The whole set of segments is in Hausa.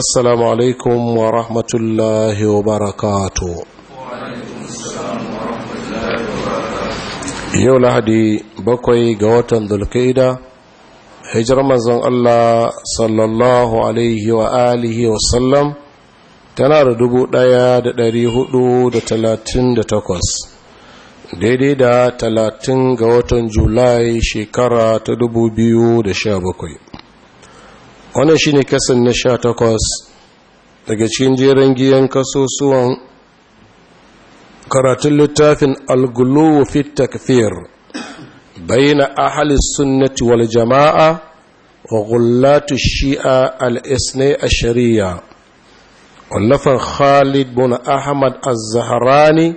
السلام عليكم ورحمة الله وبركاته yau lahadi bakwai ga watan dulkaida hijirar manzon Allah sallallahu alaihi wa alihi wa sallam tana da dubu daya da dari hudu da talatin da takwas daidai da talatin ga watan julai shekara ta dubu biyu da sha bakwai wannan shine kasan na sha takwas daga cikin jerin giyan kasusuwan karatun littafin algulowo fi takfir baina ahli sunnati wal jama'a wa gullatu shi'a al-isnai ashariya wallafan khalid bin ahmad az-zahrani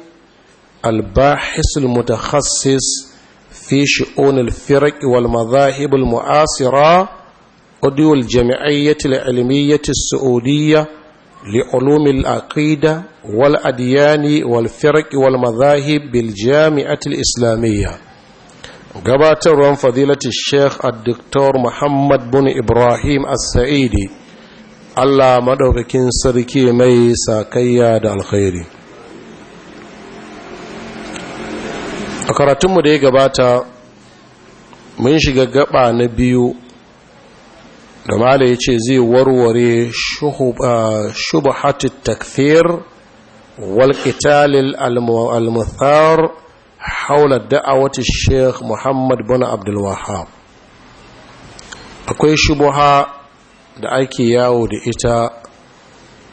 al-bahis al-mutakhassis fi shi'un al-firq wal madhahib al-mu'asira عضو الجمعية العلمية السعودية لعلوم العقيدة والأديان والفرق والمذاهب بالجامعة الإسلامية gabatarwar fadilatul sheikh addiktor muhammad bin ibrahim as-sa'idi allah maɗaukakin sarki mai sakayya da alkhairi a karatunmu da ya gabata mun shiga gaɓa na biyu da mala ya ce zai warware ah, shubahatun takfir walƙitalil almuthar haula da'awati sheikh muhammad bin abdulwahab akwai shubuha da ake yawo da ita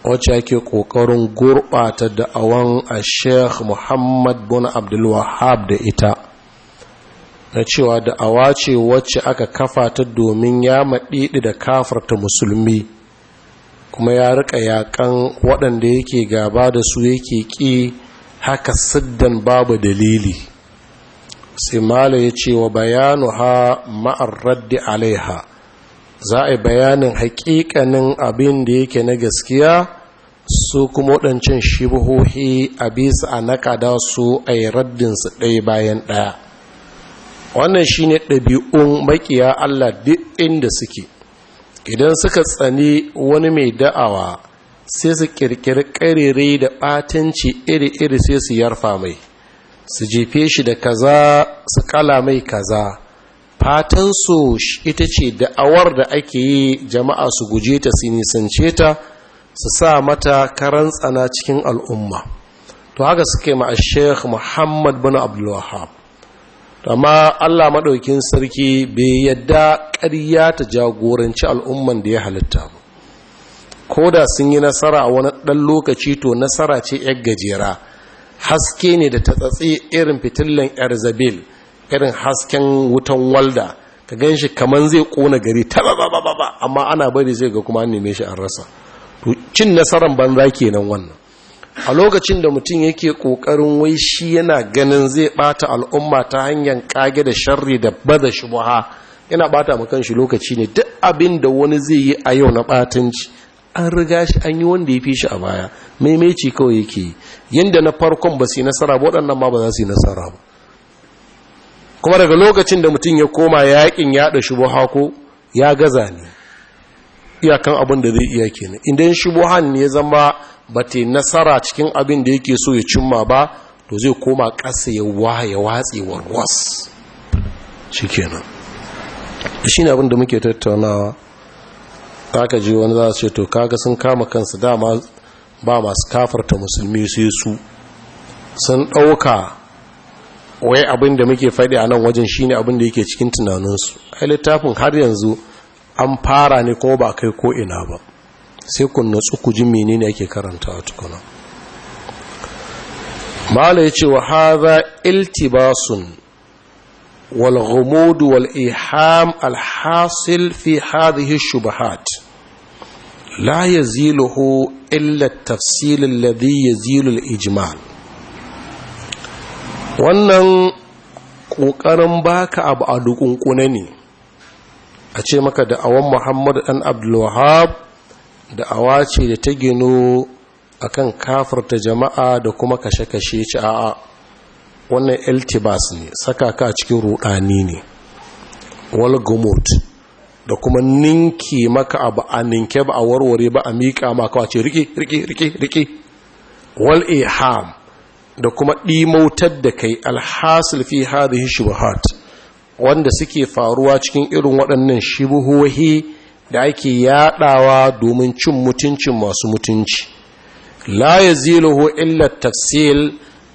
wacce ake ƙoƙarin gurɓata da'awan a sheikh muhammad bin abdulwahab da ita na cewa da awa ce wacce aka kafa ta domin ya maɗiɗi da kafarta musulmi kuma ya rika yakan waɗanda yake gaba da su yake ƙi haka siddan babu dalili sai mala ya ce wa bayanu ha ma'ar raddi alaiha za a bayanin haƙiƙanin abin da yake na gaskiya su kuma waɗancan shibuhohi a bisa a naƙada su a yi raddinsu ɗaya bayan ɗaya wannan shi ne ɗabi'un makiya Allah duk inda suke idan suka tsani wani mai da'awa sai su kirkiri ƙarere da ɓatanci iri-iri sai su yarfa mai su jefe shi da kaza su kala mai kaza fatansu ita ce da'awar da ake yi jama'a su guje ta su nisance ta su sa mata karan tsana cikin al'umma to haka suke ma a sheikh muhammad bin abdullahab amma Allah maɗaukin sarki bai yadda ƙarya ta jagoranci al'umman da ya halitta ba ko da sun yi nasara a wani ɗan lokaci to nasara ce ‘yar gajera haske ne da ta tsatsi irin fitillan erzabil irin hasken wutan walda ka gan shi kamar zai ƙona gari ta ba ba ba amma ana bari zai ga kuma an neme shi an rasa to cin nasarar banza kenan wannan a lokacin da mutum yake ƙoƙarin wai shi yana ganin zai ɓata al'umma ta hanyar ƙage da sharri da baza shubuha yana ɓata makan shi lokaci ne duk abin da wani zai yi a yau na ɓatanci an riga shi an yi wanda ya fi shi a baya maimaici kawai yake yi yadda na farkon ba su yi nasara ba waɗannan ma ba za su yi nasara ba kuma daga lokacin da mutum ya koma yaƙin yaɗa shubuha ko ya gaza ne iyakan abin da zai iya kenan idan shubuhan ne ya zama ba ta nasara cikin abin da yake so ya cimma ba to zai koma ƙasa ya waye watsi warwas shi kenan shi ne abin da muke tattaunawa kaka ji wani za su ce to kaga sun kama kansu dama ba masu kafarta musulmi sai su sun ɗauka wai abin da muke faɗi a nan wajen shine abin da yake cikin tunaninsu ai littafin har yanzu an fara ne ko ba kai ko ina ba sai ku nutsu ku ji menene ake karanta a tukuna mala ya ce wa haza iltibasun wal ghumudu wal iham al hasil fi hadhihi shubahat la yaziluhu illa at-tafsil alladhi yazilu al-ijmal wannan kokarin baka abu a dukunkune ne a ce maka da awon Muhammad dan Abdul da awa da ta gino kan kafarta jama'a da kuma kashe-kashe ci a'a wannan eltibas ne saka ka cikin rudani ne walgumut da kuma ninki maka abu a ninke ba a warware ba a miƙa maka wace rike rike rike rike wal iham da kuma ɗimautar da kai alhasil fi hadhihi shubuhat wanda suke faruwa cikin irin waɗannan shubuhohi da ake yaɗawa domin cin mutuncin masu mutunci la ho illa tafsil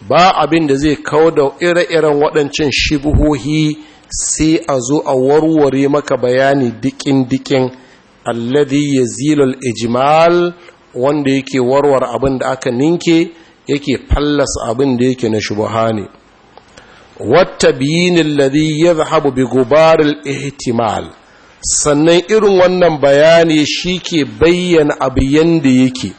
ba abin da zai kawo da ire-iren waɗancan shibuhohi sai a zo a warware maka bayani dikin-dikin alladhi yazilul ijmal wanda yake warware abin da aka ninke yake fallasa abin da yake na shubuha ne wata biyinin ladhi ya zahabu bi gubaril ihtimal sannan irin wannan bayani shi ke bayyana abu yadda yake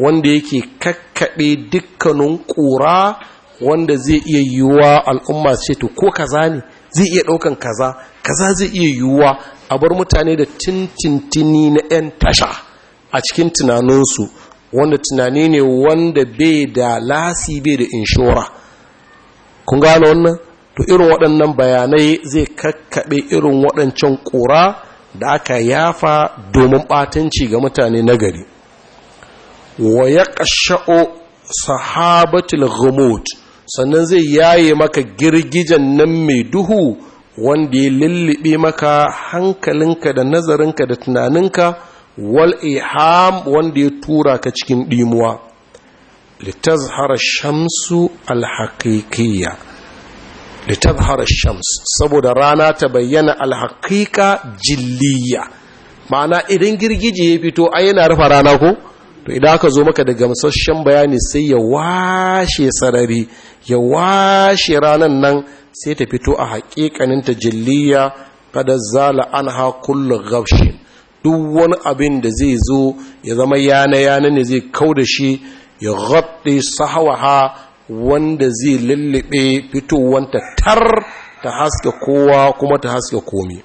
wanda yake kakkaɓe dukkanin ƙura wanda zai iya yiwuwa al'umma ce to ko kaza ne zai iya ɗaukan kaza kaza zai iya yiwuwa a bar mutane da tintintini na 'yan tasha a cikin tunaninsu wanda tunani ne wanda bai da lasi bai da inshora kun gano wannan to irin waɗannan bayanai zai kakkaɓe irin waɗancan ƙura da aka yafa domin batanci ga mutane nagari wa ya ƙasha'o sahabatul ghumut sannan zai yaye maka girgijen nan mai duhu wanda ya lullube maka hankalinka da nazarinka da tunaninka wal iham wanda ya tura ka cikin dimuwa litazhara shamsu alhaqiqiyya da tabhar shams saboda rana ta bayyana alhaƙiƙa jilliya ma'ana idan girgiji ya fito ai yana rufa rana ko to idan aka zo maka da gamsasshen bayani sai ya washe sarari ya washe ranan nan sai ta fito a haƙiƙanin ta jilliya kada zala ha kullum ghabshin duk wani abin da zai zo ya zama yana yana ne zai kau da shi ya sahawa ha. wanda zai lullube fitowanta tar ta haske kowa kuma ta haske komi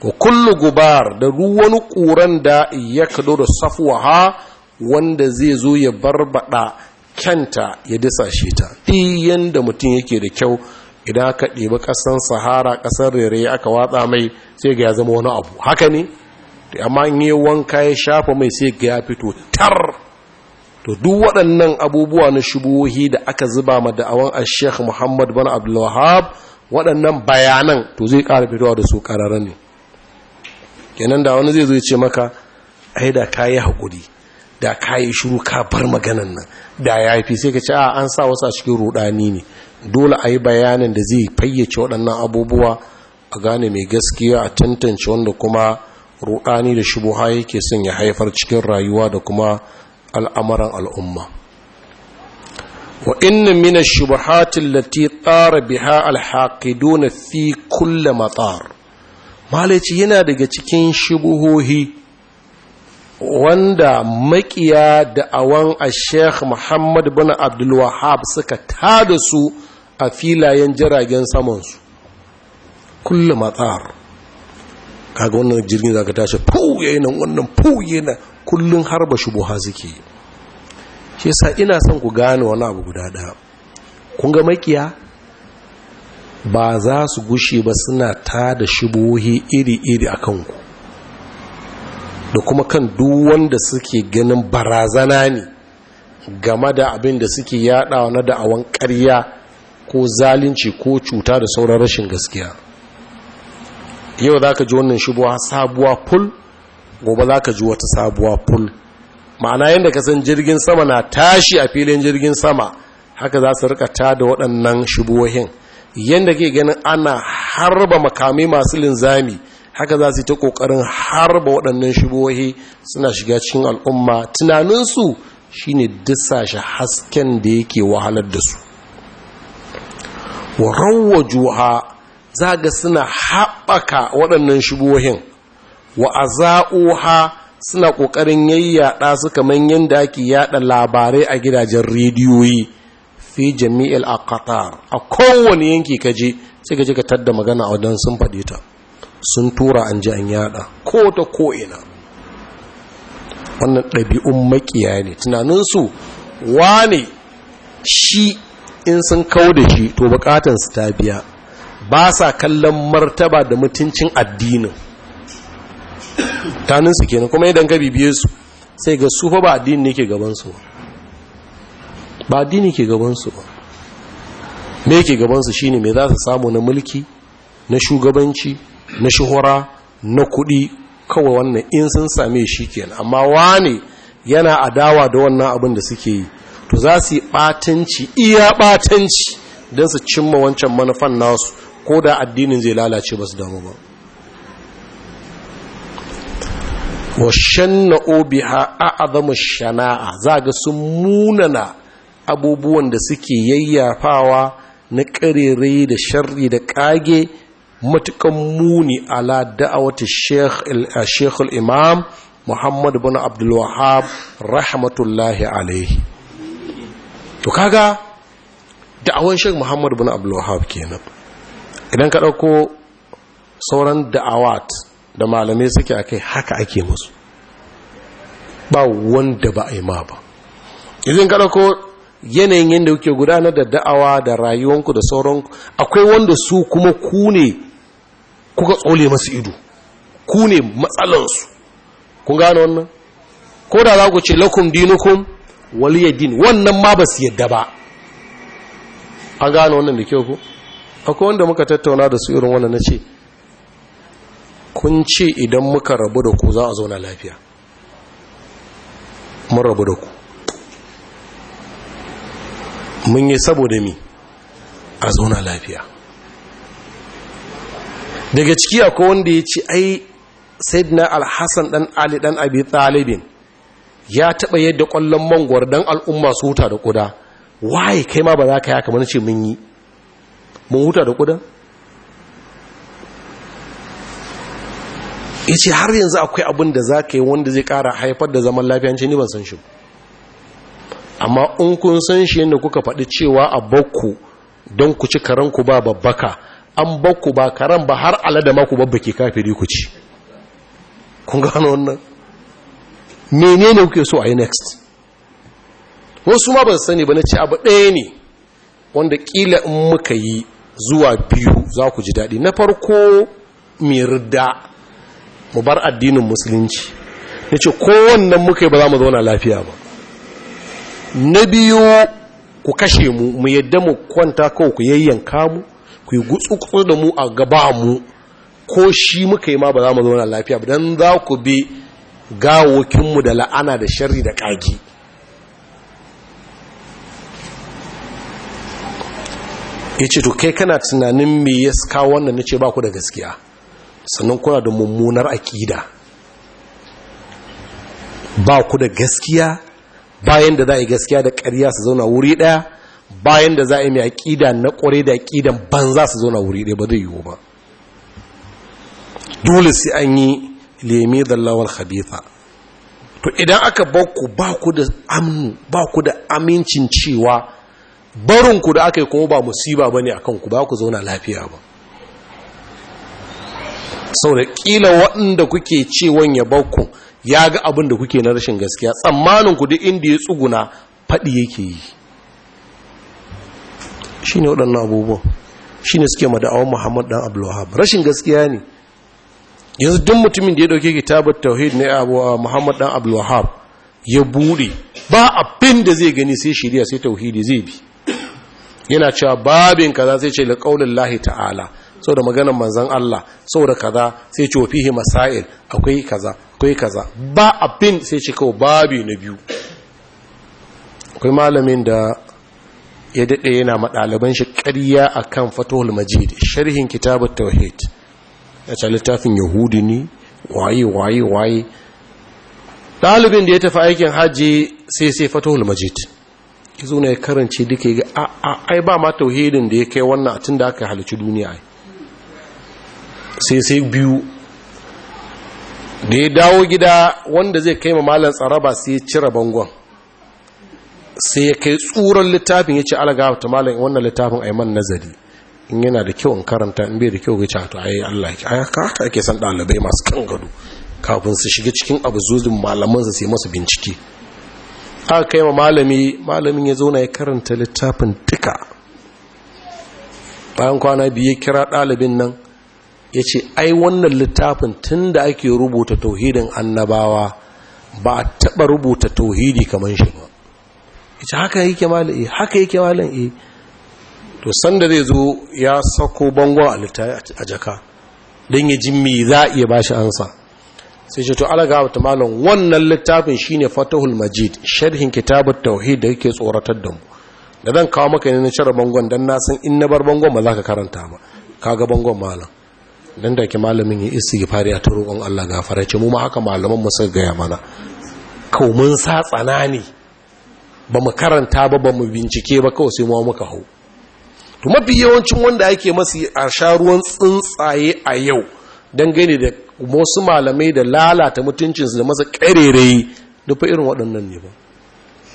ko kullu gubar da ruwan ƙuran da ya kado da safuwa wanda zai zo ya barbada kyanta ya disa shi ta ɗiyan yanda mutum yake da kyau idan aka ɗebi ƙasar sahara ƙasar rere aka watsa mai sai ga ya zama wani abu haka ne amma in yi wanka ya shafa mai sai ga ya fito tar to duk waɗannan abubuwa na shubuhohi da aka zuba ma da'awan al-sheikh muhammad bin abdullahab waɗannan bayanan to zai ƙara fitowa da su ƙararren ne kenan da wani zai zo ce maka ai da ka yi haƙuri da ka yi shuru ka bar maganan nan da ya fi sai ka ce a an sa wasu a cikin rudani ne dole a yi bayanin da zai fayyace waɗannan abubuwa a gane mai gaskiya a tantance wanda kuma rudani da shubuha yake son ya haifar cikin rayuwa da kuma al'amuran al'umma wa inna mina shubahatin lati tsara biha na fi kulle matsar malici yana daga cikin shubuhohi wanda makiya da awon a sheikh muhammad bin abdulwahab suka tada su a filayen jiragen samansu kulle matsar kaga wannan jirgin za tashi fau nan wannan fau nan kullun harba shubuha suke shi sa ina son ku gane wani abu guda ɗaya kun ga makiya ba za su gushe ba suna ta da shubuhi iri-iri a kanku da kuma kan duk wanda suke ganin barazana ne game da abin da suke yaɗawa na da'awan karya ko zalunci ko cuta da sauran rashin gaskiya yau za ka ji wannan shubuwa sabuwa ful gobe za ka ji wata sabuwa ful ma'ana yadda ka san jirgin sama na tashi a filin jirgin sama haka za su rika ta da waɗannan shubuhohin yadda ke ganin ana harba makamai masu linzami haka za su yi ta ƙoƙarin harba waɗannan shubuhohi suna shiga cikin al'umma tunaninsu shi ne dissashe hasken da yake wahalar da su wa juha za ga suna haɓaka waɗannan shubuhohin wa aza'uha suna ƙoƙarin yayyada su kamar yadda ake yada labarai a gidajen rediyoyi fi jami'il a a kowane yanki kaje sai kaje ka tadda magana a wadan sun faɗi ta sun tura an ji an yada ko ta ko ina wannan ɗabi'un makiya ne tunaninsu wane shi in sun kawo da shi to bukatansu ta biya ba sa kallon martaba da mutuncin addinin taninsu kenan kuma idan ka bibiye su sai ga sufa ba addini ne ke gabansu ba addini ke gabansu ba mai ke gabansu shine mai za su samu na mulki na shugabanci na shuhura na kuɗi kawai wannan in sun same shi kenan amma wane yana adawa da wannan abin da suke yi to za su yi ɓatanci iya ɓatanci don su cimma wancan manufan nasu ko da addinin zai lalace ba su damu ba wa ha a a'zamu shana'a za ga sun munana abubuwan da suke yayyafawa na karere da sharri da kage matukan muni ala da'awati sheikh al-imam muhammad bin abdul wahab rahmatullahi alaihi to kaga da'awan sheikh muhammad bin abdul kenan idan ka ɗauko sauran da'awat da malamai suke a kai haka ake musu ba wanda ba a yi ma ba izin kada ko yanayin yadda kuke gudanar da da'awa da rayuwanku da sauranku akwai wanda su kuma ku ne kuka tsole masu ido ku ne matsalansu kun gane wannan ko da za ku ce lakum dinukum din wannan ma ba su yadda ba an gane wannan da kyau ku akwai wanda muka tattauna da su irin wannan na ce kun ce idan muka rabu da ku za a zauna lafiya mun rabu da ku mun yi saboda mi a zauna lafiya daga ciki akwai wanda ya ce ai na alhassan dan ali dan abi talibin ya taba yadda kwallon mangwar dan al'umma su huta da kuda waye kai ma ba za ka yaka mana ce mun yi mun huta da kuda yace har yanzu akwai abin da za yi wanda zai kara haifar da zaman lafiyanci ni ban san shi amma in kun san shi yadda kuka faɗi cewa a bakku don ku ci ku ba babbaka an bakku ba karan ba har alada maku ku babbake kafiri ku ci kun gano wannan menene kuke so a yi next wasu ma ban sani ba na ci abu ɗaya ne wanda ƙila in muka yi zuwa biyu za ku ji daɗi na farko mirda mu bar addinin musulunci ya ce kowannan muka yi ba za mu zauna lafiya ba na biyu ku kashe mu mu yadda mu kwanta kawai ku yayyanka mu ku yi gutsu da mu a gaba mu ko shi muka yi ma ba za mu zauna lafiya ba don za ku bi gawokinmu da la'ana da shari da kagi ya ce to kai kana tunanin me ya ska wannan na ce ba ku da gaskiya sannan kuna da mummunar aƙida ba ku da gaskiya bayan da za a yi gaskiya da ƙarya su zauna wuri ɗaya bayan da za a yi mai aƙida na ƙware da aƙidan za su zauna wuri ɗaya ba zai yiwu ba dole sai an yi lemi da lawar khabitha to idan aka bakku ba ku da amnu ba ku da amincin cewa barinku da aka yi kuma ba musiba ba ne a kanku ba ku zauna lafiya ba saboda kila waɗanda kuke cewon ya bakku ya ga abin da kuke na rashin gaskiya tsammanin ku duk inda ya tsuguna faɗi yake yi shi ne waɗannan abubuwan shi ne suke mada'awar muhammad ɗan abdullahab rashin gaskiya ne yanzu duk mutumin da ya ɗauke kitabar tauhid na a muhammad Dan abdullahab ya buɗe ba abin da zai gani sai shirya sai tauhidi zai bi yana cewa babin kaza sai ce da ƙaunin lahi ta'ala Sau saboda maganar manzan Allah sau da kaza sai ce fihi masail akwai kaza akwai kaza ba abin sai ce kawai babi na biyu akwai malamin da ya daɗe yana maɗaliban shi ƙarya a kan fatohul majid sharhin kitabar tauhid ya ce littafin yahudi ne waye waye waye ɗalibin da ya tafi aikin hajji sai sai fatohul majid ya zo na ya karance duka ga ai ba ma tauhidin da ya kai wannan a tun da aka halici duniya ai sai sai biyu da ya dawo gida wanda zai kai malam tsaraba sai ya cire bangon sai ya kai tsuron littafin ya ce alaga ta wannan littafin a man nazari in yana da kyau in karanta in bai da kyau ga cato ayi Allah ya haka ake san ɗalibai masu kan gado kafin su shiga cikin abu zuzin malaman su sai masu bincike aka kai ma malami malamin ya zauna ya karanta littafin duka bayan kwana biyu ya kira ɗalibin nan ya ce ai wannan littafin tun da ake rubuta tauhidin annabawa ba a taɓa rubuta tauhidi kamar shi ba ya ce haka yake malin e eh, haka yake malin e eh. to sanda zai zo ya sako bangon a littafi a jaka don ya ji me za a iya ba shi ansa sai ce to alaga ta malin wannan littafin shi ne fatahul majid sharhin kitabar tauhid da yake tsoratar da mu da zan kawo maka ne na cire bangon don na san in na bar bangon ba za ka karanta ba kaga bangon malam dan da ke malamin ya istighfari a roƙon Allah gafara ce mu ma haka malaman mu suka gaya mana kau mun sa tsanani ba mu karanta ba ba mu bincike ba kawai sai mu muka hau to mafi yawancin wanda ake masu a sha ruwan tsuntsaye a yau dangane da wasu malamai da lalata mutuncinsu da masa ƙarerayi duk irin waɗannan ne ba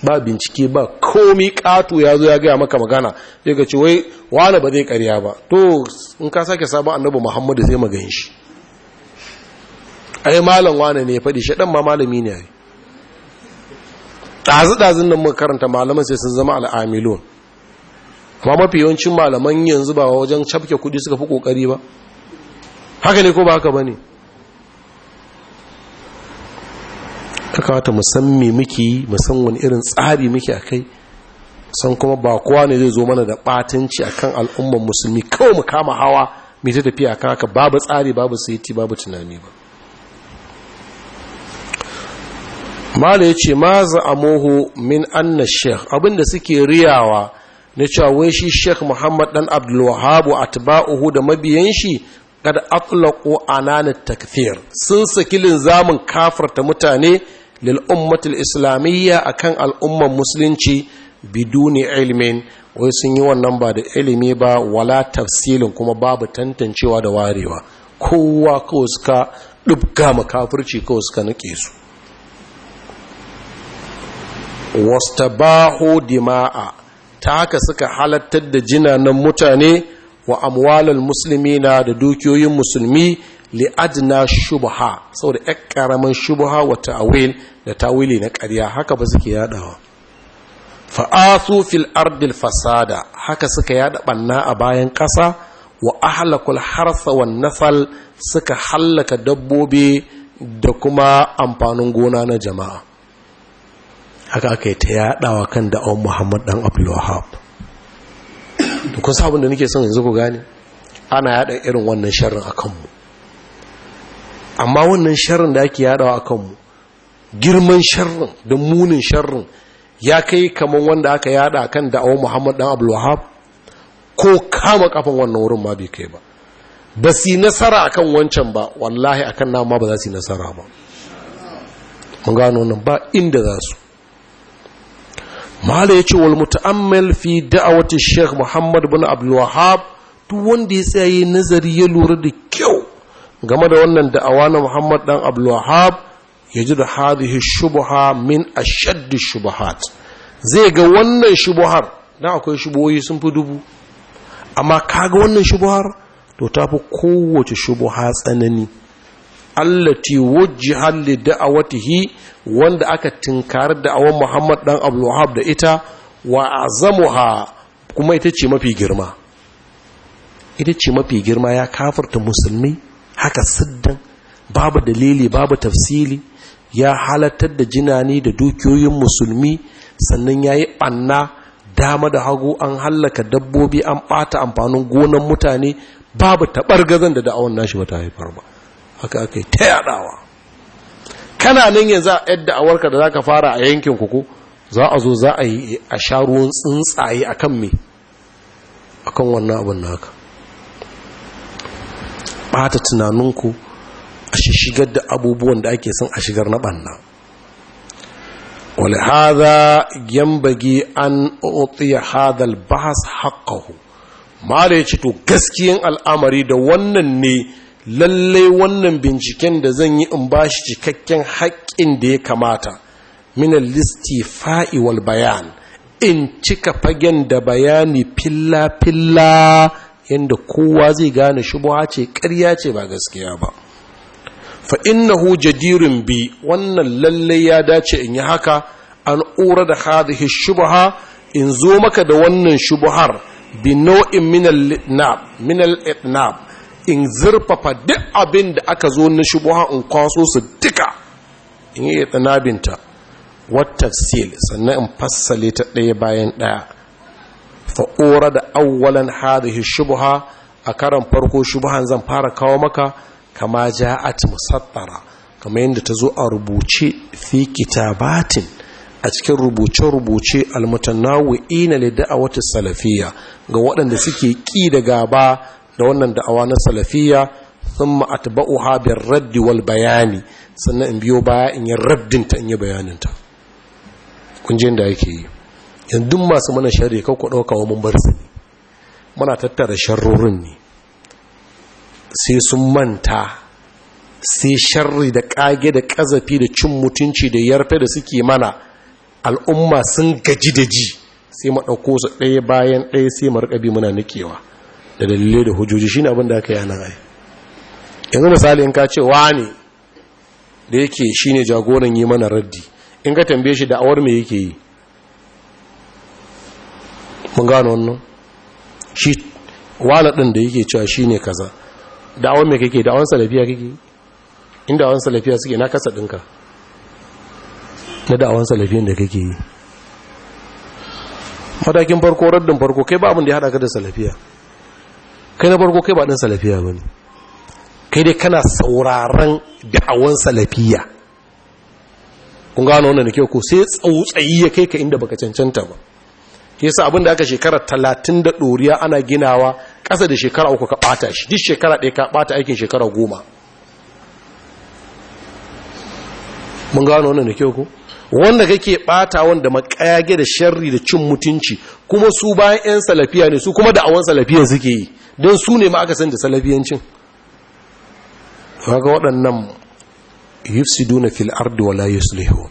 ba bincike ba komi kato ya zo ya gaya maka magana ya ka ce wai wane ba zai karya ba to in ka sake sabon annabi muhammadu zai magan shi ai malam wane ne ya faɗi shi ɗan ma malami ne ai ɗazu-ɗazun nan muka karanta malaman sai sun zama al'amilon amma mafi yawancin malaman yanzu ba wajen cafke kuɗi suka fi ƙoƙari ba haka ne ko ba haka ba ne Ka kawata mu san me muke san wani irin tsari muke kai san kuma ba kowa ne zai zo mana da batanci akan al'ummar musulmi kawai mu kama hawa mai ta tafiya kan haka babu tsari babu saiti babu tunani ba mala ya ce ma za'amuhu min anna sheikh abinda suke riyawa na cewa wai shi sheikh muhammad dan abdulwahabu atba'uhu da mabiyan shi kada atlaqu ananat takfir sun saki linzamin kafarta mutane للامه الاسلاميه islamiyya akan al'ummar musulunci biduni ilimin, wai sun yi wannan ba da ilimi ba wala tafsilin kuma babu tantancewa da warewa kowa kawai suka dubga makafirci kawai suka nake su wastabahu dima'a ta haka suka halattar da jinanan mutane wa amwalar musulmi na da dukiyoyin musulmi li adna shubha saboda ƴan ƙaramin shubha wa ta'awil da tawili na ƙarya haka ba suke yadawa fa'asu fil ardil fasada haka suka yada banna a bayan ƙasa wa ahlakul harsa wan nasal suka hallaka dabbobi da kuma amfanin gona na jama'a haka aka yi ta yadawa kan da'awar muhammad dan abdulwahab kun sabon da nake son yanzu ku gane ana yada irin wannan sharrin a kanmu amma wannan sharrin da ake yadawa a kanmu girman sharrin da munin sharrin ya kai kamar wanda aka yada kan da'awar muhammad dan abdulwahab ko kama kafin wannan wurin ma bai kai ba ba su nasara akan wancan ba wallahi akan nama ba za su nasara ba mun gano wannan ba inda za su mahala ya ce wal muta'ammal fi da'awati sheikh muhammad bin abdulwahab duk wanda ya tsaye nazari ya lura da kyau game da wannan da'awa na Muhammad dan abdullahab ya ji da hadihi shubuha min ashadd shubuhat zai ga wannan shubuhar dan akwai shubuhoyi sun fi dubu amma ka ga wannan shubuhar to tafi kowace shubuha tsanani allati wujjiha li da'awatihi wanda aka da da'awan Muhammad dan abdullahab da ita wa azamuha kuma ita ce mafi girma ita ce mafi girma ya kafarta musulmi haka sadan babu dalili babu tafsili ya halattar da jinani da dukiyoyin musulmi sannan ya yi ɓanna dama da hagu an hallaka dabbobi an ɓata amfanin gonan mutane babu taɓar gazan da da'awar nashi ba ta haifar ba haka aka yi ta yaɗawa kana nan yanzu a yadda awarka da za ka fara a yankin kuku za a zo za a yi a sha ruwan tsuntsaye a kan me a kan wannan abin haka. ɓata tunaninku a shigar da abubuwan da ake son a shigar na Wani walhaza yambagi an otiya hadal bahas haƙahu da ya ce to gaskiyan al'amari da wannan ne lallai wannan binciken da zan yi in ba shi cikakken haƙƙin da ya kamata minan listi fa'iwal bayan in cika fagen da bayani filla-filla yadda kowa zai gane shubuha ce ƙarya ce ba gaskiya ba fa innahu jadirin bi wannan lalle ya dace in yi haka an ura da hadhihi shubha in zo maka da wannan shubuhar bi nau'in min al in zurfafa duk abin da aka zo na shubuha in kwaso su duka in yi itnabinta wat tafsil sannan in fassale ta ɗaya bayan ɗaya fa'ora da awwalan hadhihi shubha a karan farko shubhan zan fara kawo maka kama ja'at musattara kama yadda ta zo a rubuce fi kitabatin a cikin rubuce-rubuce almutanawwi'ina a wata salafiya ga waɗanda suke ƙi da gaba da wannan da'awa na salafiya thumma atba'uha bir raddi wal bayani sannan in biyo baya in yi raddinta in yi bayaninta kun je da yake yi yanzu masu mana shari kan ku ɗaukawa mun bar su mana muna tattara sharrorin ne sai sun manta sai shari da ƙage da ƙazafi da cin mutunci da yarfe da suke mana al'umma sun gaji da ji sai maɗauko su ɗaya bayan ɗaya sai marƙabi muna nikewa da dalilai da hujjoji shi abin da aka yana ai yanzu misali in ka ce ne da yake shi ne jagoran yi mana raddi in ka tambaye shi da awar me yake yi mun gano wannan shi wala din da yake cewa shine kaza da'awar me kake da'awar salafiya kake inda da'awar salafiya suke na kasa dinka na da'awar salafiyan da kake yi matakin farko raddin farko kai ba abin da ya hada ka da salafiya kai na farko kai ba din salafiya bane kai dai kana sauraron da'awar salafiya kun gano wannan da kyau ko sai tsautsayi ya kai ka inda baka cancanta ba yasa abin da aka shekara talatin da ɗoriya ana ginawa ƙasa da shekara uku ka ɓata shi duk shekara ɗaya ka ɓata aikin shekara goma mun gano wannan da kyau ku wanda kake bata wanda makayage da sharri da cin mutunci kuma su bayan 'yan salafiya ne su kuma da awon salafiyan suke yi don su ne ma aka san da salafiyancin kaga waɗannan yufsiduna fil ardi wala yuslihu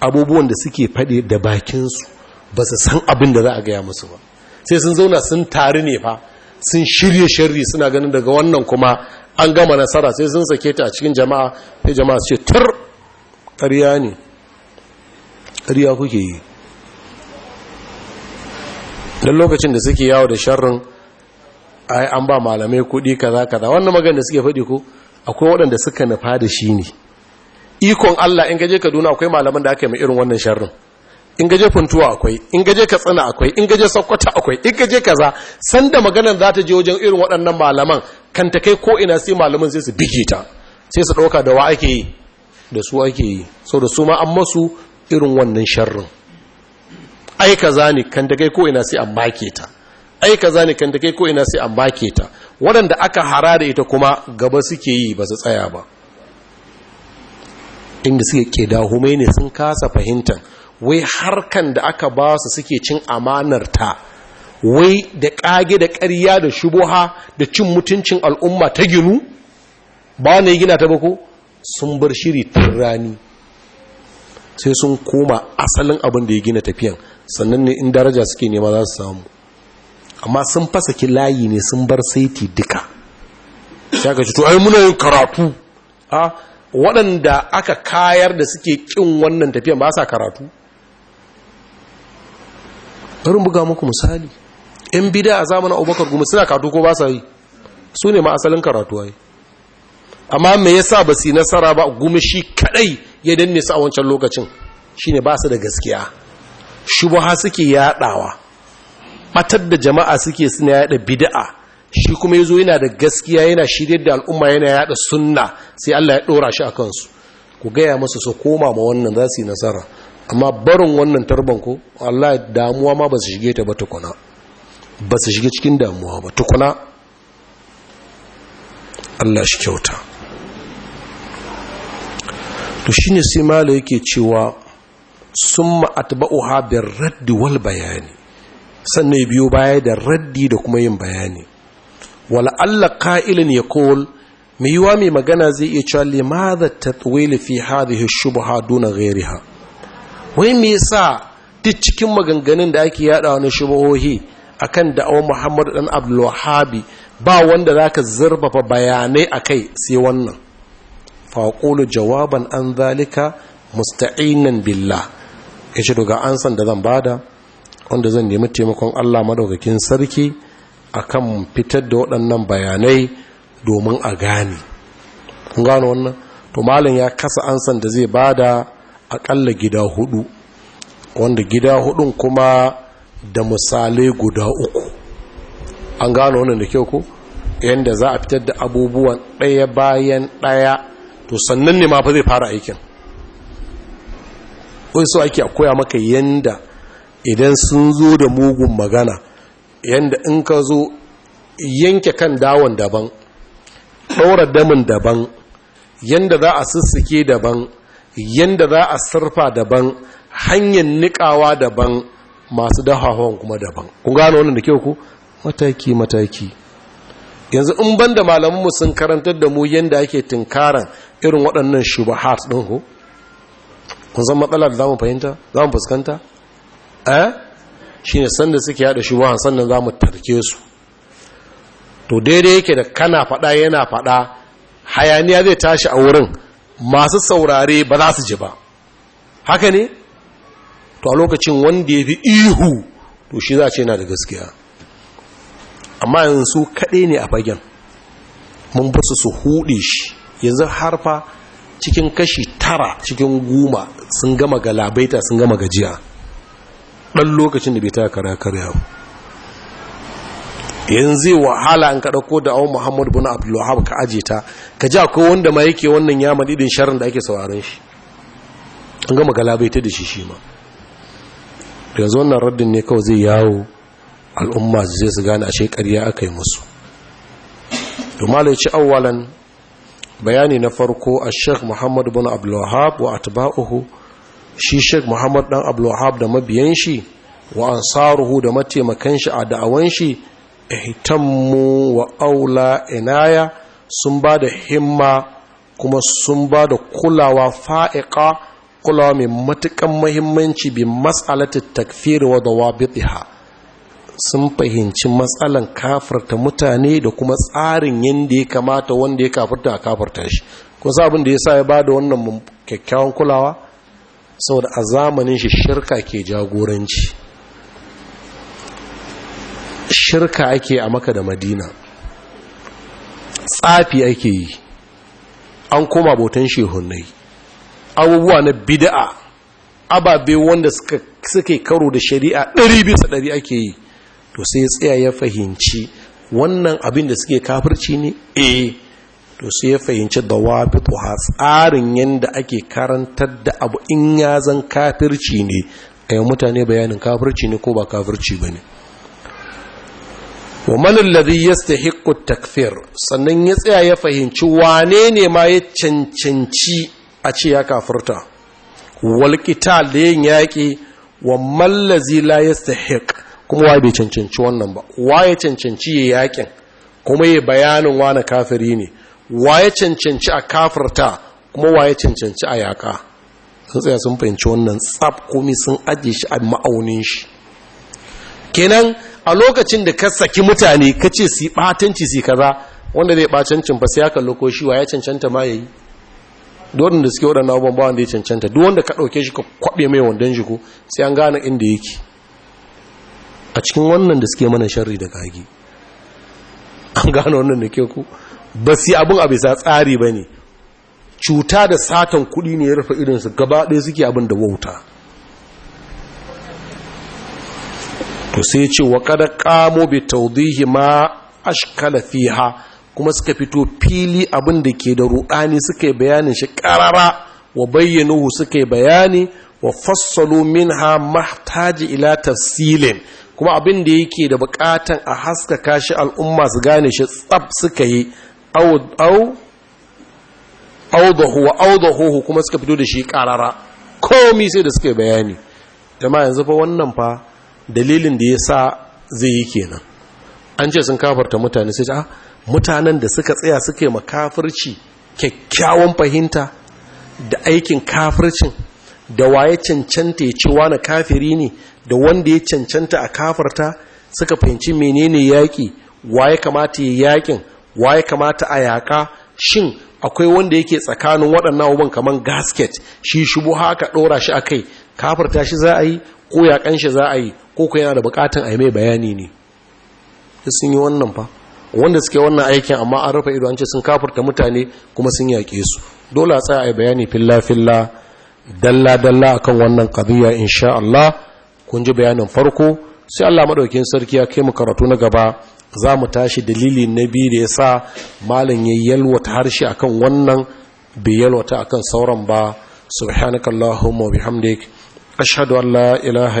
abubuwan da suke faɗi da bakinsu ba su san abin da za a gaya musu ba sai sun zauna sun taru ne fa sun shirye shirri suna ganin daga wannan kuma an gama nasara sai sun sake ta a cikin jama'a sai jama'a su ce tur ƙarya ne ƙarya kuke yi don lokacin da suke yawo da sharrin ai an ba malamai kuɗi kaza kaza wannan magana da suke faɗi ko akwai waɗanda suka nufa da shi ne ikon Allah in gaje Kaduna akwai malaman da aka yi mai irin wannan sharrin in gaje funtuwa akwai in gaje katsina akwai in gaje sakkwata akwai in gaje kaza sanda maganar za ta je wajen irin waɗannan malaman kan ta kai ko ina sai malaman sai su bige ta sai su ɗauka da wa ake yi da su ake yi sau da su ma an masu irin wannan sharrin ai kaza ne kan ta kai ko ina sai an bake ta ai kaza ne kan ta kai ko ina sai an bake ta waɗanda aka hara da ita kuma gaba suke yi ba su tsaya ba inda suke ke da ne sun kasa fahimtar wai harkan da aka ba su suke cin amanar ta, wai da ƙage da ƙarya da shubuha da cin mutuncin al'umma ta ginu ba ne gina ta bako sun bar shiri tun rani sai sun koma asalin abin da ya gina tafiyan sannan ne in daraja suke nema za su samu amma sun fasa layi ne sun bar saiti duka sai ka ci to ai muna yin karatu ah, waɗanda aka kayar da suke ƙin wannan tafiyan ba sa karatu bari buga muku misali yan bida a zamanin abubakar goma suna katu ko ba sa yi su ne ma asalin karatu yi amma me yasa ba su nasara ba gumi shi kadai ya danne su a wancan lokacin shine ba su da gaskiya shi shubha suke yadawa matar da jama'a suke suna yada bida'a shi kuma ya zo yana da gaskiya yana shirya da al'umma yana yada sunna sai Allah ya dora shi a kansu ku gaya masa su koma ma wannan za su yi nasara amma barin wannan tarban ko Allah damuwa ma ba su shige ta ba tukuna ba su shige cikin damuwa ba tukuna Allah shi kyauta to shine sai malo yake cewa summa atba'uha habin raddi wal bayani sannan biyo baya da raddi da kuma yin bayani wala ka'ilin ya kowal, mai yiwa mai magana zai iya cewa limadha tatwil fi hadhihi shubha duna ghayriha wai me yasa duk cikin maganganun da ake yada wani shubuhohi akan da'awar muhammad dan Abdul Wahhab ba wanda zaka zarfafa bayanai akai sai wannan fa jawaban an zalika musta'inan billah kace daga ansan da zan bada wanda zan nemi taimakon Allah madaukakin sarki akan fitar da waɗannan bayanai domin a gane kun gano wannan to malam ya kasa ansan da zai bada akalla gida hudu wanda gida hudun kuma da misalai guda uku an gano wannan da kyau ko yadda za a fitar da abubuwan ɗaya bayan ɗaya to sannan ne ma fa zai fara aikin wai so ake koya maka yanda idan sun zo da mugun magana yadda in ka zo yanke kan dawon daban ɗaura damin daban yadda za a sussuke daban yanda za a sarfa daban hanyar nikawa daban masu dahawan kuma daban kun gano wannan da kyau ku mataki mataki yanzu in banda malamanmu sun karantar da mu yanda ake tinkaran irin waɗannan shubahat ɗin ku kun san matsalar za mu fahimta za mu fuskanta eh shi ne sanda suke yada shubahan sannan za tarke su to daidai yake da kana faɗa yana faɗa hayaniya zai tashi a wurin masu saurare ba za su ji ba haka ne to a lokacin wanda ya fi ihu to shi za ce yana da gaskiya amma yanzu kaɗai ne a fagen mun basu su su huɗe shi yanzu harfa cikin kashi tara cikin goma sun gama ga labaita, sun gama gajiya ɗan lokacin da bai ta kara karya yanzu wahala an kaɗa ko da awon muhammadu bin abdullahab ka aje ta ka ji akwai wanda ma yake wannan ya maɗiɗin sharin da ake sauraron shi an gama galabaita da shi shi ma yanzu wannan raddin ne kawai zai yawo al'umma zai su gane a shekariya aka yi musu domin ci awwalan bayani na farko a sheikh muhammadu bin abdullahab wa atba'uhu shi sheikh muhammadu dan abdullahab da mabiyan shi wa ansaruhu da mataimakan shi a da'awan shi ihtammu wa aula inaya sun ba da himma kuma sun ba da kulawa fa'iƙa kulawa mai matuƙan mahimmanci bi matsalatin takfiri wa dawabitiha sun fahimci matsalan kafarta mutane da kuma tsarin yadda ya kamata wanda ya kafarta a kafarta shi kun sa abin da ya sa ya ba da wannan kyakkyawan kulawa saboda a zamanin shi shirka ke jagoranci shirka ake a maka da madina tsafi ake yi an koma botan shehunai abubuwa na bida'a ababe wanda suke karo da shari'a ɗari bisa ɗari ake yi to sai tsaya ya fahimci wannan abin da suke kafirci ne E, to sai ya fahimci da wafituwa tsarin yadda ake karantar da abu in ya kafirci ne a yi mutane bayanin kafirci ne ko ba kafirci ba ne wa manin ladhi yastahiqqu takfir sannan ya tsaya ya fahimci wane ne ma ya cancanci a ce ya kafirta wal da yin yaki wa mallazi la yastahiq kuma wa bai cancanci wannan ba wa ya cancanci ya yakin kuma ya bayanin wani kafiri ne wa ya cancanci a kafirta kuma wa ya cancanci a yaƙa? sun tsaya sun fahimci wannan tsab komi sun ajiye shi a ma'aunin shi kenan a lokacin da ka saki mutane ka ce su batanci su kaza wanda zai bacancin ba sai ya kallo ko shi wa ya cancanta ma ya yi? duk da suke waɗannan abubuwan ba wanda ya cancanta duk wanda ka ɗauke shi ka kwaɓe mai wandon shi ko sai an gane inda yake a cikin wannan da suke mana sharri da gagi an gane wannan da ke ku ba abin a bisa tsari ba ne cuta da satan kuɗi ne ya rufe irinsu gaba ɗaya suke abin da wauta to sai ce wa kada kamo bi tawdihi ma ashkala fiha kuma suka fito fili abin da ke da rudani suka bayanin shi karara wa bayyanuhu suka bayani wa fassalu minha mahtaji ila tafsilin kuma abin da yake da bukatan a haskaka shi al'umma su gane shi tsab suka yi au audahu wa audahu kuma suka fito da shi karara komi sai da suka bayani jama'a yanzu fa wannan fa dalilin da ya sa zai yi kenan an ce sun kafarta mutane sai a ah, mutanen da suka tsaya suke makafirci kyakkyawan fahimta da aikin kafircin da waye cancanta ya ci wani kafiri ne da wanda ya cancanta a kafarta suka fahimci menene yaƙi waye kamata ya yaƙin waye kamata a yaƙa shin akwai wanda yake tsakanin waɗannan abubuwan kamar gasket shi shubu haka ɗora shi a kai kafarta shi za a yi ko yaƙan shi za a yi koko yana da bukatun a yi mai bayani ne sun yi wannan fa wanda suke wannan aikin amma an rufe ido an ce sun kafurta mutane kuma sun yaƙe su dole a tsaya a yi bayani filla-filla dalla-dalla akan wannan kadiyya insha Allah kun ji bayanin farko sai Allah maɗaukin sarki ya kai mu karatu na gaba za mu tashi dalili na biyu da ya sa malin ya yalwata harshe akan wannan bai yalwata akan sauran ba subhanakallahumma wa bihamdik ashhadu an la ilaha